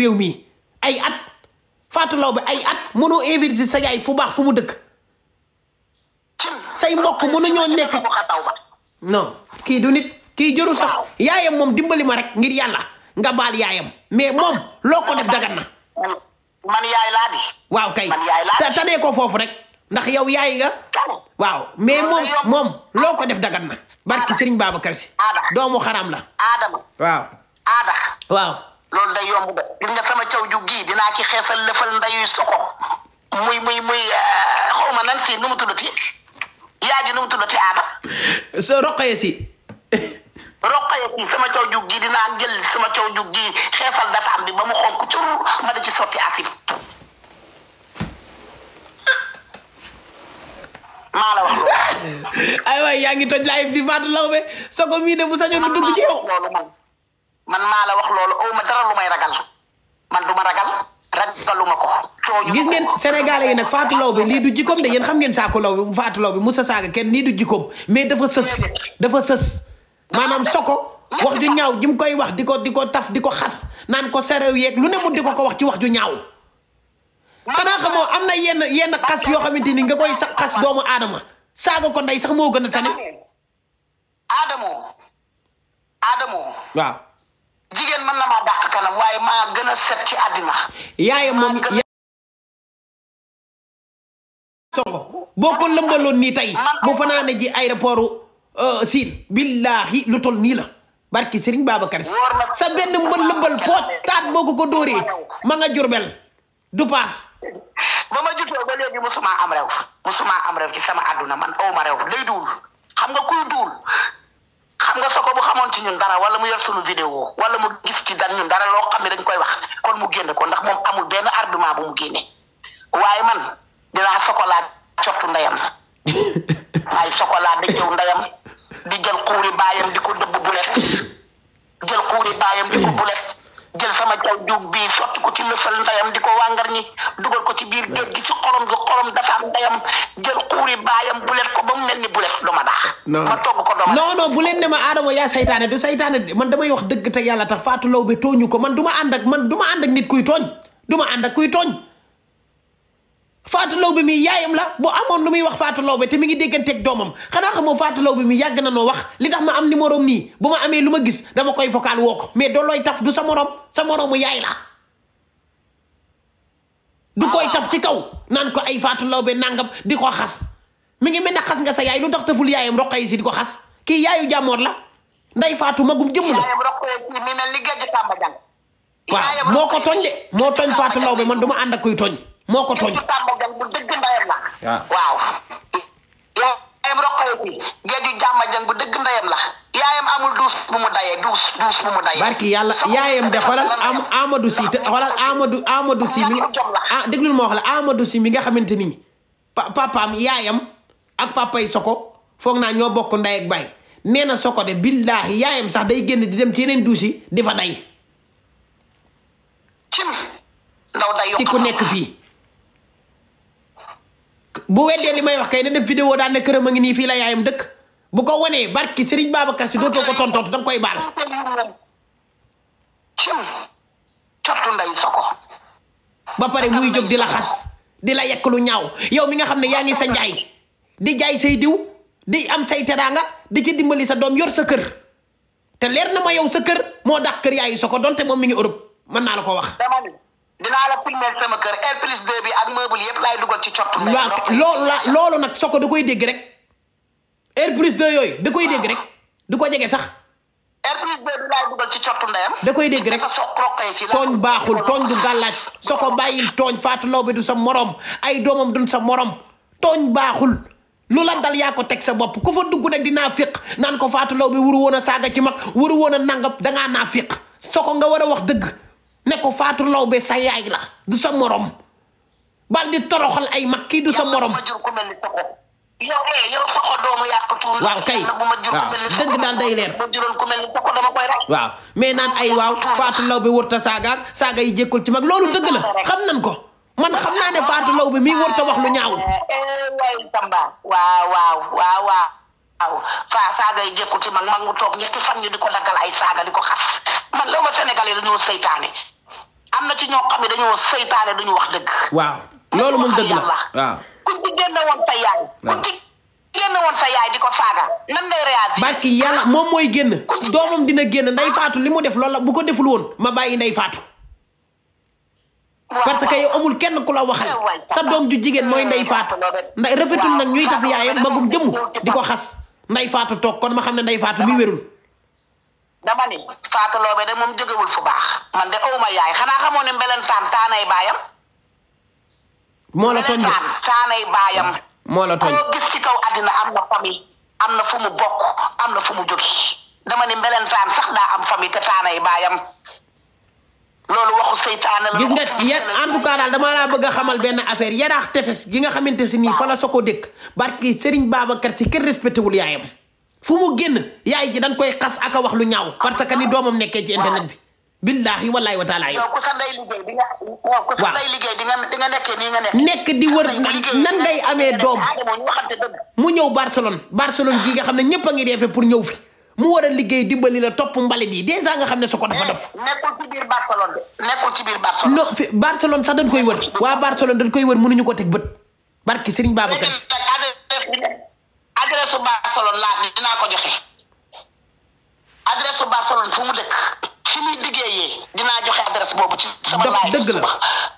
réew mi ay at Fatou Laobé ay at mënoo invité sa yaay fu baax fu mu dëkk say mbokk mënuñoo nekk non kii du nit kii jëru sax yaayam moom dimbali ma rek ngir yàlla nga baal yaayam mais moom loo ko def dagan na man yaay laa di ko foofu rek ndax yow yaay nga waaw mais moom loo ko def dagan na barki Serigne Babacar Si doomu xaram la waaw waaw loolu de gis nga sama caw ju gii dinaa ci xeesal lëfal ndayuy soko muy muy muy euh, xaw ma nan si nu mu tuddati yaa ji nu mu tuddati aada so roqoye si roqoye si sama caw ju gii dinaa jël sama caw ju gii xeesal dataam bi ba mu xonk cur ma da ci sotti asib maa la wax yaa ngi toj live bi Fatou Laobé Sokone mii de bu sañoon du dugg ci yow man maa la wax loolu aw ma dara lu may ragal man du ma ragal ragaluma ko. gis ngeen sénégalais yi nag Fatou Laobé lii du jikkoom de yéen xam ngeen Sakko Laobé Fatou mu Moussa Saga kenn nii du jikkoom mais dafa sës dafa sës maanaam soko wax ju ñaaw ji koy wax di ko di ko taf di ko xas naan ko serew yeeg lu ne mu di ko ko wax ci wax ju ñaaw xanaa xamoo am na yenn yenn xas yoo xamante ni nga koy sa xas doomu aadama saaga ko ndey sax moo gën a tane. aadamo aadamo lislaam waaye a set ci àddina. yaayam moom Sonko boo ko lëmbaloon nii tey mu fanaane ji aéroport euh, Sine billaahi lu tol nii la barki Serigne Babacar sa benn mbël lëmbal poot boo ko ko dóoree ma nga jurbel du paas. ba ma jutoo ba léegi musuma am réew musuma am réew ci sama àdduna man aw ma réew duul xam nga kuy duul. xam nga soko bu xamoon ci ñun dara wala mu yor sunu vidéo wala mu gis ci dan ñun dara loo xam ne dañ koy wax kon mu génn ko ndax moom amul benn argument bu mu génne waaye man dinaa sokolaa cottu ndeyam waaye sokolaa di jëw di jël xuuri baayam di ko dëbb bulet jël xuuri baayam di ko bulet jël sama caw juug sotti ko ci lëfal ndayam di ko wàngar ñi dugal ko ci biir géej gi si xorom gi xorom dafa ndayam jël xuuri baayam bulet ko ba mu mel ni bulet doma daax ko doma non non bu ne ma Adama yaa saytaane du saytaane man damay wax dëgg yàlla tax Fatou Law bi tooñu ko man du ma ànd man du ma ànd ak nit kuy ma ànd ak kuy tooñ Fatou Law bi mi yaayam la boo amoon lu muy wax Fatou Law te mi ngi dégganteeg doomam xanaa xamoo Fatou mi yàgg na noo wax li tax ma am numéro nii bu ma amee lu ma gis dama koy vocal woo ko mais doo looy taf du sa morom sa moroomu yaay la du koy ah. taf ci kaw naan ko ay faatu lawbe nangam di ko xas mi ngi mel ne xas nga sa yaay lu tax taful yaayam roqay si di ko xas ki yaayu jàmmoor la nday faatu magum jëmm la waaw moo ko tooñ de moo tooñ faatu lawbe man du ma ànd ak tooñ moo ko tooñ ah. waaw yaayam roqay si géeju bu dëgg ndeyam la yaayam barki yàlla yaayam de xoolal am Amadou Sy te xoolal ah, mi nga xamante ni papaam yaayam ak papay Soko foog naa ñoo bokk ndey ak baay nee na Soko de billaahi yaayam sax day génn di dem ci yeneen douze di fa day. ci ku nekk fii. bu weddee li may wax kay ne def vidéo daan ne këram a ngi nii fii la yaayam dëkk. bu ko wanee barki Serigne Babacar si dootoo ko tontoot da nga koy baal. ba pare muy jóg di la xas di la yekk lu ñaaw yow mi nga xam ne yaa ngi sa njaay di jaay say diw di am say teraanga di ci dimbali sa doom yor sa kër te leer na ma yow sa kër moo dax kër yaayu Soko donte moom mi ngi Europe mën naa la ko wax. dinaa la filmeel sama kër R plus bi ak meuble yëpp laay dugal ci cottu. loolu la loolu nag Soko da koy dégg rek. R plus 2 yooyu da koy dégg rek du ko jege sax. R plus 2 bi laay dugal da koy dégg rek tooñ baaxul tooñ du gàllaaj soo ko bàyyil tooñ Fatou Law bi du sa moroom ay doomam duñ sa morom tooñ baaxul. lu la dal yaa ko teg sa bopp ku dugg nag dinaa féq naan ko Fatou bi wuru woon a saaga ci mag wuru woon a nangam dangaa naa féq soo ko nga war a wax dëgg ne ko Fatou Law bi sa yaay du sa morom bal di toroxal ay mag kii du sa morom. yow mais yow sa xol doomu yàq tuur. waaw kay waaw dëgg naan day leer. ma jural ku mel ko dama koy rey. waaw mais naan ay waaw Fatou Laobé wërta saagaak saaga yi jékkul ci mag loolu dëgg la xam nan ko. man xam naa ne Fatou Laobé mii warut a wax lu ñaaw. Eh, eh, waaw waaw waaw waaw faa saaga yi jékku ci mag mag mu toog ñetti fan ñu di ko daggal ay saaga di ko xas man loolu ma Sénégalais dañoo seytaane am na ci ñoo xam ne dañoo seytaane duñu wax dëgg. waaw loolu moom dëgg la waaw. ku ci génn woon sa yaay. waaw woon sa yaay di ko saaga nan lay réagir. barki yàlla moom mooy génn doomam dina génn nday faatu li mu def loolu la bu ko deful woon ma bàyyi nday faatu. parce que yow amul kenn ku la waxal sa doom ju jigéen mooy nday faatu nday rafetul nag ñuy taf yaayam magum jëmm di ko xas nday faatu toog kon ma xam ne nday faatu mi wérul. dama ni Fatou Laobé de moom jógewul fu baax. man de awuma yaay xanaa xamoo ne mbelentaan taanay baayam. moo la tooñ caanay baayam ah, moo la tooñ koo gis ci kaw àddina am na famille am na fu mu bokk am na fu mu jógi dama ni mbelentaan sax daa am famille te taanay baayam loolu waxu seytaane la gis nga yar en tout cas daal damaa laa bëgg xamal benn affaire yaraax tefes gi nga xamante si nii fa la so ko dëkk barki Serigne Babacar si kenn respecté wul yaayam fu mu génn yaay ji dañ koy xas ak a wax lu ñaaw parce que ni doomam nekkee ci internet bi billaahi wallaahi wa taala yow ku sa ndey liggéey di nga waaw ku sa ndey liggéey di nga di nga nekkee nii nga nekkee nekk di wër nan ngay amee doom mu ñëw Barcelone Barcelone gii nga xam ne ñëpp a ngi defe pour ñëw fi mu war a liggéey dimbali la topp mbalit yi dèjà nga xam ne su ko dafa eh, dof nekkul ci biir Barcelone de nekkul ci biir Barcelone non fi Barcelone sax dañ koy wër waa Barcelone dañ koy wër mënuñu ko teg bët barki Serigne Babacar adresse Barcelone laa dinaa ko joxe adresse Barcelone fu mu dëkk liggéeyee dinaa joxe adresse boobu ci sama laay dëgg la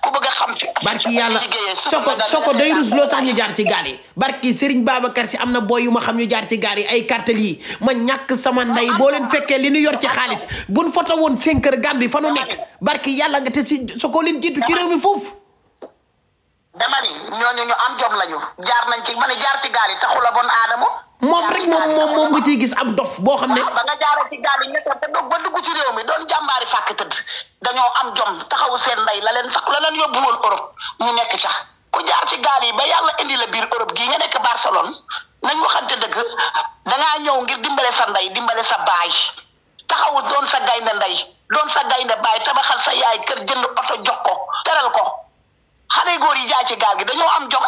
ku bëgg a xam fi barki yàlla soko soko day rus loo sax ñu jaar ci gaal barki Serigne Babacar si am na booy yu ma xam ñu jaar ci gaal yi ay cartel yi ma ñàkk sama ndey boo leen fekkee li nu yor ci xaalis buñ foto woon seen kër Gambie fa nu nekk barki yàlla nga te si soko leen jiitu ci réew mi foofu dama ni ñooñu ñu am jom lañu jaar nañ ci man ne jaar ci gaal yi taxul a bon aadama. moom rek moom moom moom nga ciy gis ab dof boo xam ne. ba nga jaaree ci gaal yi ñu te doog ba dugg ci réew mi doon jàmbaari fàkk tëdd dañoo am jom taxawu seen ndey la leen sax la leen yóbbu woon Europe ñu nekk sax ku jaar ci gaal yi ba yàlla indi la biir Europe gii nga nekk Barcelone nañ waxante dëgg dangaa ñëw ngir dimbale sa ndey dimbale sa baay taxawu doon sa gaynde ndey doon sa gaynde baay tabaxal sa yaay kër jënd oto jox ko teral ko. xale góor yi jaay ci gaal gi dañoo am jom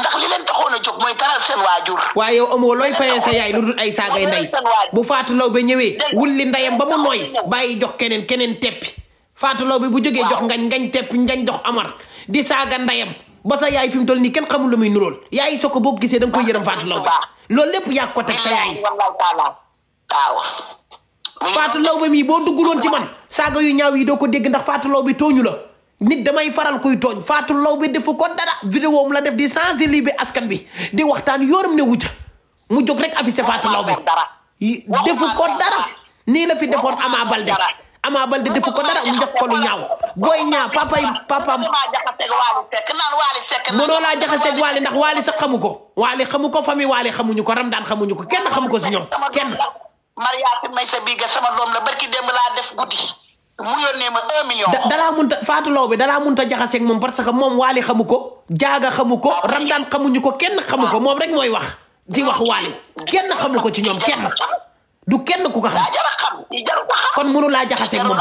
ndax li leen taxoon a jóg mooy taral seen waajur. waaye yow amoo looy fayee sa yaay lu dul ay saagay ndey bu Fatou Law ba ñëwee wulli ndeyam ba mu nooy bàyyi jox keneen keneen tepp Fatou Law bi bu jógee jox ngañ ngañ teppi ngañ jox Amar di saaga ndeyam ba sa yaay fi mu toll nii kenn xamul lu muy nuróol yaay soo ko boo gisee da nga koy yërëm Fatou Law bi loolu lépp yaa ko teg sa yaay. waaw. Fatou Law ba mii boo dugguloon ci man saaga yu ñaaw yi doo ko dégg ndax Fatou Law bi tooñu la. nit damay faral kuy tooñ Fatou Laobé defu ko dara vidéo mu la def di bi askan bi di waxtaan yoram ne wuja mu jóg rek affiché Fatou Laobé defu ko dara nii la fi defoon Ama Baldé Ama Baldé defu ko dara mu jox ko lu ñaaw booy ñaaw papay papam mënoo laa jaxaseeg waali ndax waale sa xamu ko waale xamu ko famille waali ñu ko ramdaan xamuñu ko kenn xamu ko si ñoom kenn Mariama Maysa bi ga sama doom la barki démb laa def guddi mu yónnee ma un million. da dalaa munta Fatou Laobé dalaa jaxaseeg moom parce que moom waali xamu ko jaaga xamu ko ramdaan xamuñu ko kenn xamu ko moom rek mooy wax di wax waali kenn xamu ko ci ñoom kenn du kenn ku ko xam kon mënu laa jaxaseeg moom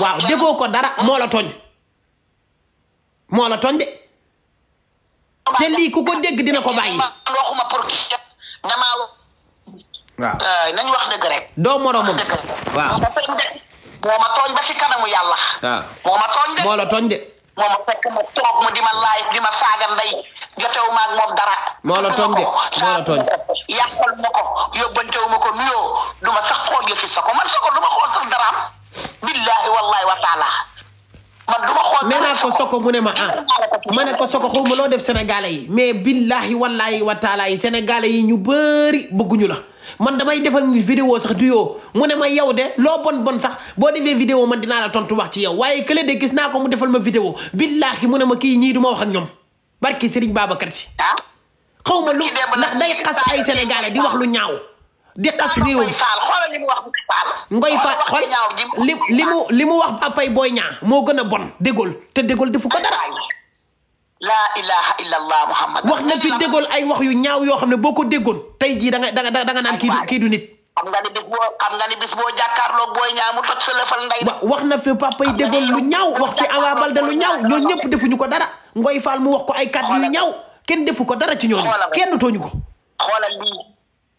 waaw defoo ko dara moo la tooñ moo la tooñ de te lii ku ko dégg dina ko bàyyi waaw euh, nañ wax dëgg rek doo moroomam waaw moo ma tooñ ba si kanamu yàlla. waaw ah. moo ma tooñ de moo la tooñ de. moo ma fekk ma toog mu la tooñ de moo la ko yóbbantewu ma ko nuyoo du ma sax xool yëfi sa ko man sa ko du daraam. billaahi wallaahi wa taala. man du ma xool nee naa ko soko mu ne ma ah ma ko soko xaw def sénégalais yi mais billaahi wallaahi wa taala yi sénégalais yi ñu bëri bëgguñu la. man damay defal ni vidéo sax du yoo mu ne ma yow de loo bon bon sax boo defee vidéo man dinaa la tontu wax ci yow waaye kële de gis naa ko mu defal ma vidéo billaahi mu ne ma kii ñii du ma wax ak ñoom barki Serigne Babacar Sy ah? xaw ma lu ndax day xas ay sénégalais di wax lu ñaaw di xas réew ngoy faal xool li li mu li mu wax papay booy ñaa moo gën a bon dégol te dégol defu ko dara laa ilaha illallah muhammad wax na fi déggoon ay wax yu ñaaw yoo xam ne boo ko déggoon tey jii da nga da nga naan kii du kii du nit. xam nga ni bis boo xam nga ni bis boo wax na fi papa yi lu ñaaw wax fi Awa Balde lu ñaaw ñooñu ñëpp defuñu ko dara Ngoy Fall mu wax ko ay kàddu yu ñaaw kenn defu ko dara ci ñooñu. kenn tooñu ko. xoolal lii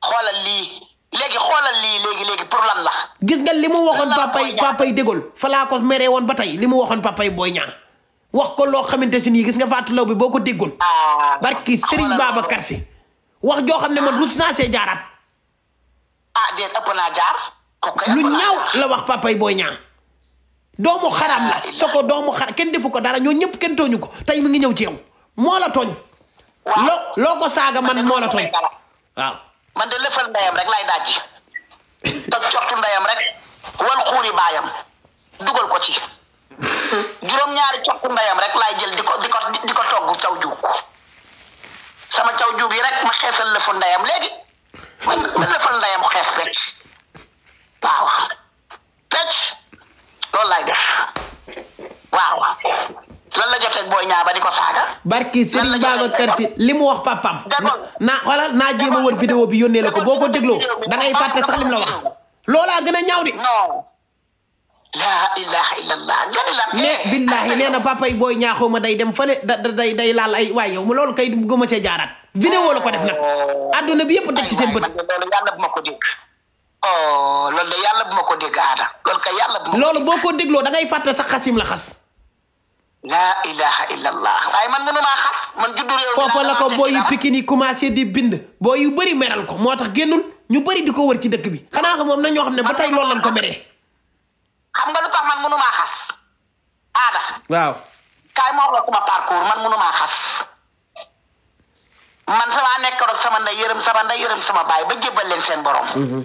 xoolal lii léegi xoolal lii léegi léegi pour lan la. gis nga li mu waxoon papa yi papa yi déggoon fa laa ko meree woon ba tey li mu waxoon papa yi booy ñaa wax ko loo xamante si nii gis nga Fatou bi boo ko déggoon ah, barki Serigne Babacar Sy wax joo xam ne man rus naa see jaaraat. ah déet ëpp naa jaar. lu ñaaw la wax papay booy ñaa doomu xaraam la ah, soo ko doomu xaraam kenn defu ko dara ñoo ñëpp kenn tooñu ko tey mu ngi ñëw ci yow moo la tooñ. loo loo ko saaga man moo la tooñ. waaw man de lëfal ndeyam rek lay dajji. toj cottu ndeyam rek. wal xuuri baayam dugal ko ci. juróom-ñaari cokku ndeyam rek laay jël di ko di ko di ko caw juug sama caw juug yi rek ma xeesal lëfu ndeyam léegi man ma lëfal ndeyam xees pecc waaw pecc loolu laay def waaw lan la jotee booy ñaa ba di ko saaga. barki Serigne Babacar Sy li mu wax papam naa xoolal naa jéem a wër bi yónnee la ko boo ko dégloo da ngay sax li la wax loolaa gën a ñaaw di. laa ilaha illallah nga ne la. mais billahi nee na papa yi booy ñaaxoo ma day dem fële da day day laal ay waay yow loolu kay gëma cee jaaraat. vidéo la ko def nag. Oh. adduna bi yëpp daj ci seen bët. loolu yàlla bu ma ko dégg. oh loolu de yàlla bu ma ko dégg aada. loolu kay yàlla bu boo ko dégloo da ngay fàtte sax xasim la xas. laa ilaha illallah. waaye man mënu maa xas man juddu réew. foofa la ko booy yu pikin yi commencé di bind. boo yu bari meral ko moo tax génnul ñu bari di ko wër ci dëkk bi. xanaa xam moom na ñoo xam ne ba tey loolu lañ ko meree xam nga lu tax man mënumaa xas aada waaw kaay ma wax la sama parcours man mënumaa xas man sama nekk rek sama nday yërëm sama nday yërëm sama baay ba jébbal leen seen borom mhm.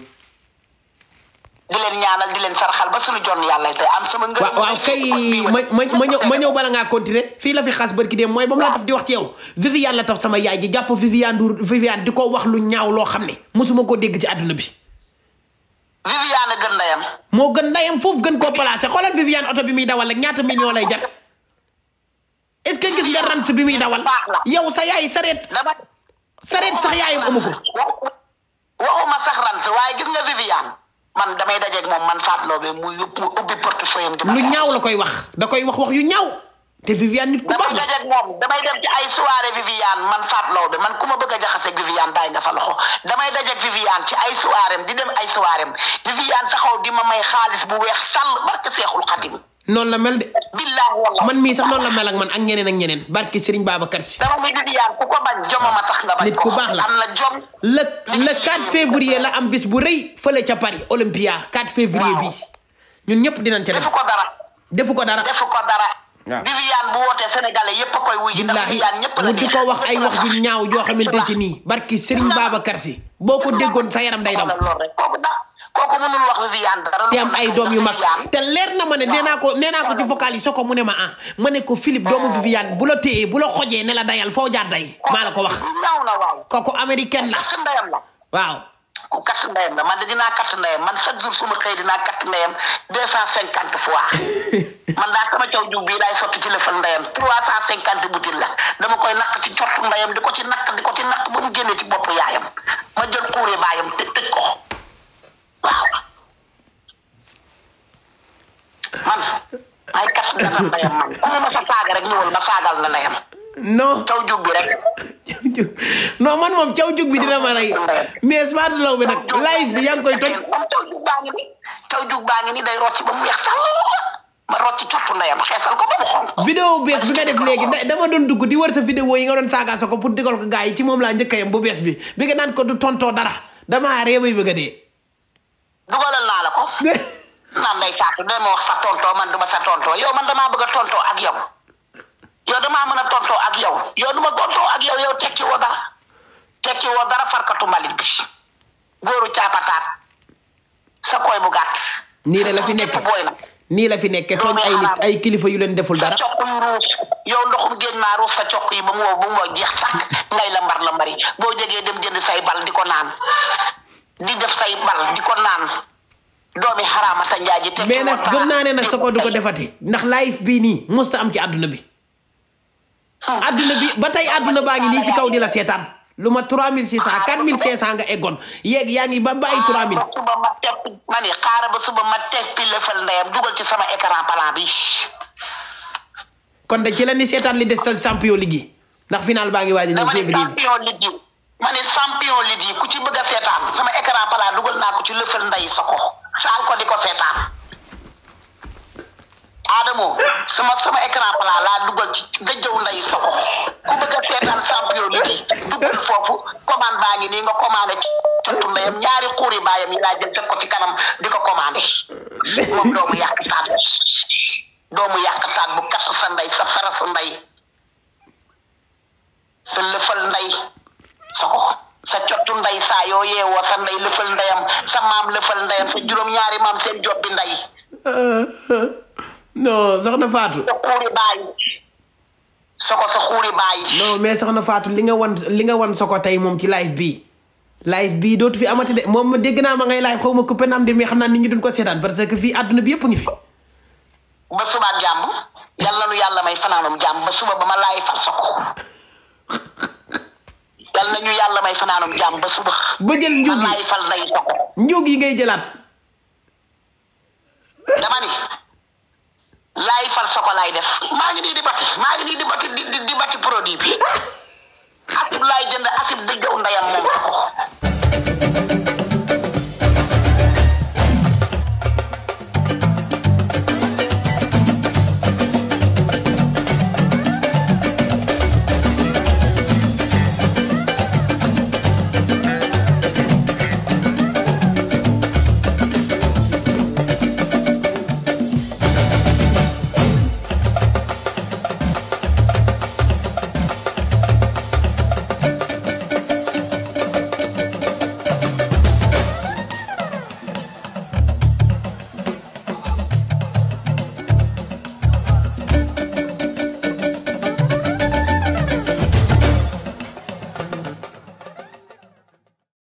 di leen ñaanal di leen sarxal ba suñu jonn yàlla tey am sama ngërëm waaw kay ma ma ñëw ma ñëw bala ngaa continuer fii la fi xas barki dem mooy ba mu a taf di wax ci yow Viviane la taf sama yaay ji jàpp Viviane du Viviane di ko wax lu ñaaw loo xam ne mosuma koo dégg ci àdduna bi Viviane gën ndayam. moo gën ndayam foofu gën koo placé xoolal Viviane oto bi muy dawal ak ñaata million lay jar est-ce que gis nga rant bi muy dawal yow sa yaay sareet sareet sax yaayam amu ko. waxuma sax rant waaye gis nga Viviane man damay dajeeg moom man Fatou Laobé mu yóbbu mu ubbi portefeuille lu ñaaw la koy wax da koy wax wax yu ñaaw. te Viviane nit ku baax la damay damay dem Viviane ma a jaxase Viviane bàyyi nga fa loxo damay dajeeg Viviane ci ay soirée di dem ay soirée Viviane taxaw di ma may xaalis bu weex sàll barke Seexul Xadim. noonu la mel de. billahi wallahi man mii sax noonu la mel man ak ñeneen ak ñeneen barke Serigne Babacar Si. dama muy Viviane ku ko bañ jomama tax nga bañ ko nit ku baax la am na jom. le le 4 février la am bis bu rëy fële ca Paris Olympia 4 février bi ñun ñëpp dinañ ca def. defu ko dara defu ko dara. Viviane bu wootee sénégalais yëpp a koy ko wax ay wax ju ñaaw joo xamante si nii barki Serigne Babacar Sy boo ko déggoon sa yaram day daw kooku mënul wax Viviane dara te am ay doom yu mag te leer na ma ne nee naa ko nee naa ko soo ko mu ma ah ma ne ko Philippe doomu Viviane bu la téyee bu la xojee ne la dayal foo jaar day maa la ko wax kooku américaine la waaw ku katt ndeyam la man de dinaa katt ndeyam man chaque jour suma xëy dinaa katt ndeyam deux cent cinquante fois man daa sama caw jub bii laay sotti ci lëfal ndeyam trois cent cinquante butil la dama koy naq ci cottu ndeyam di ko ci naq di ko ci naq ba mu génne ci bopp yaayam ma jël xuure baayam te tëj ko waaw man ay katt ndeyam man ku ma sa saaga rek ñëwal ma saagal na ndeyam non caw jub bi rek jóg man moom caw jug bi dina ma rey mais Fatou Law bi nag live bi yaa koy toj. caw jug baa ngi nii baa ngi nii day rocc ba mu weex tàll ma rocc cottu ndeyam xeesal ko ba mu bi nga def léegi dama doon dugg di wër sa vidéo yi ko pour digal ko gars yi ci moom laa njëkk a yem bu bees bi bi nga naan ko du tontoo dara damaa a dee. dugalal la ko. ma wax sa tontoo man du ma sa tontoo yow man damaa bëgg a ak yow. yow dama mën a tontoo ak yow yow nu ma tontoo ak yow yow tekki woo tekki woo farkatu mbalit bi góoru caapataat sa koy bu gàtt. nii la la fi nekk booy la. nii la fi nekke tooñ ay kilifa yu leen deful dara. yow ndoxum géej maa ruus sa cokk yi ba mu wow ba mu boo jegee dem jënd say bal di ko naan def say bal di ko naan. doomi xaraamata njaaji. te mais nag naa ne sa ko du ko defati ndax live bii nii mosta am ci àdduna bi. Ah. adduna bi ba tey adduna baa ngi nii ci kaw di la seetaan lu ma 3600 4500 ah, nga eggoon yeeg yaa ngi ba bàyyi 3000. Ah, ba suba ma tepp ma ne xaaral ba suba ma tepp lëfal ndeyam dugal ci sama écran plan bi. kon de ci la ni seetaan li de sa champion ligue yi ndax final baa ngi waaj a ñëw février ma ne champion ku ci bëgg a seetaan sama écran plan dugal naa ko ci lëfal nday sa ko ko di ko seetaan. Adamo sama sama écran plat laa dugal ci dëjëw nday soko ku bëgg a seetaan champion bi dugal foofu commande baa ngi nii nga commandé ci tuttu ndeyam ñaari xuuri baayam yi laa jël teg ko ci kanam di ko commandé moom doomu yàq taat doomu yàq taat bu katt sa nday sa farasu ndey sa lëfal nday soko sa cottu ndey saa yoo yeewoo sa ndey lëfal ndeyam sa maam lëfal ndeyam sa juróom-ñaari maam seen jot bi nday non soxna Fatou. sa xuuri bàyyi. soko sa xuuri bàyyi. non mais soxna Fatou li nga wan li nga wan soko tey moom ci live bii. live bii dootu fi amati de moom dégg naa ma ngay live xaw ma coupé naam di mais xam ko seetaan parce que fii yëpp ngi fi. ba suba jàmm yàlla yàlla may fanaanum ba suba ba ma laay fal soko yàlla ñu yàlla may fanaanum jàmm ba suba. ba jël njóog yi ma laay fal day yi ngay jëlaat. dama laay far soko laay def maa ngi nii di batti maa ngi nii di batti di di produit bi asib laay jënd asib dëggaw ndeyam moom soko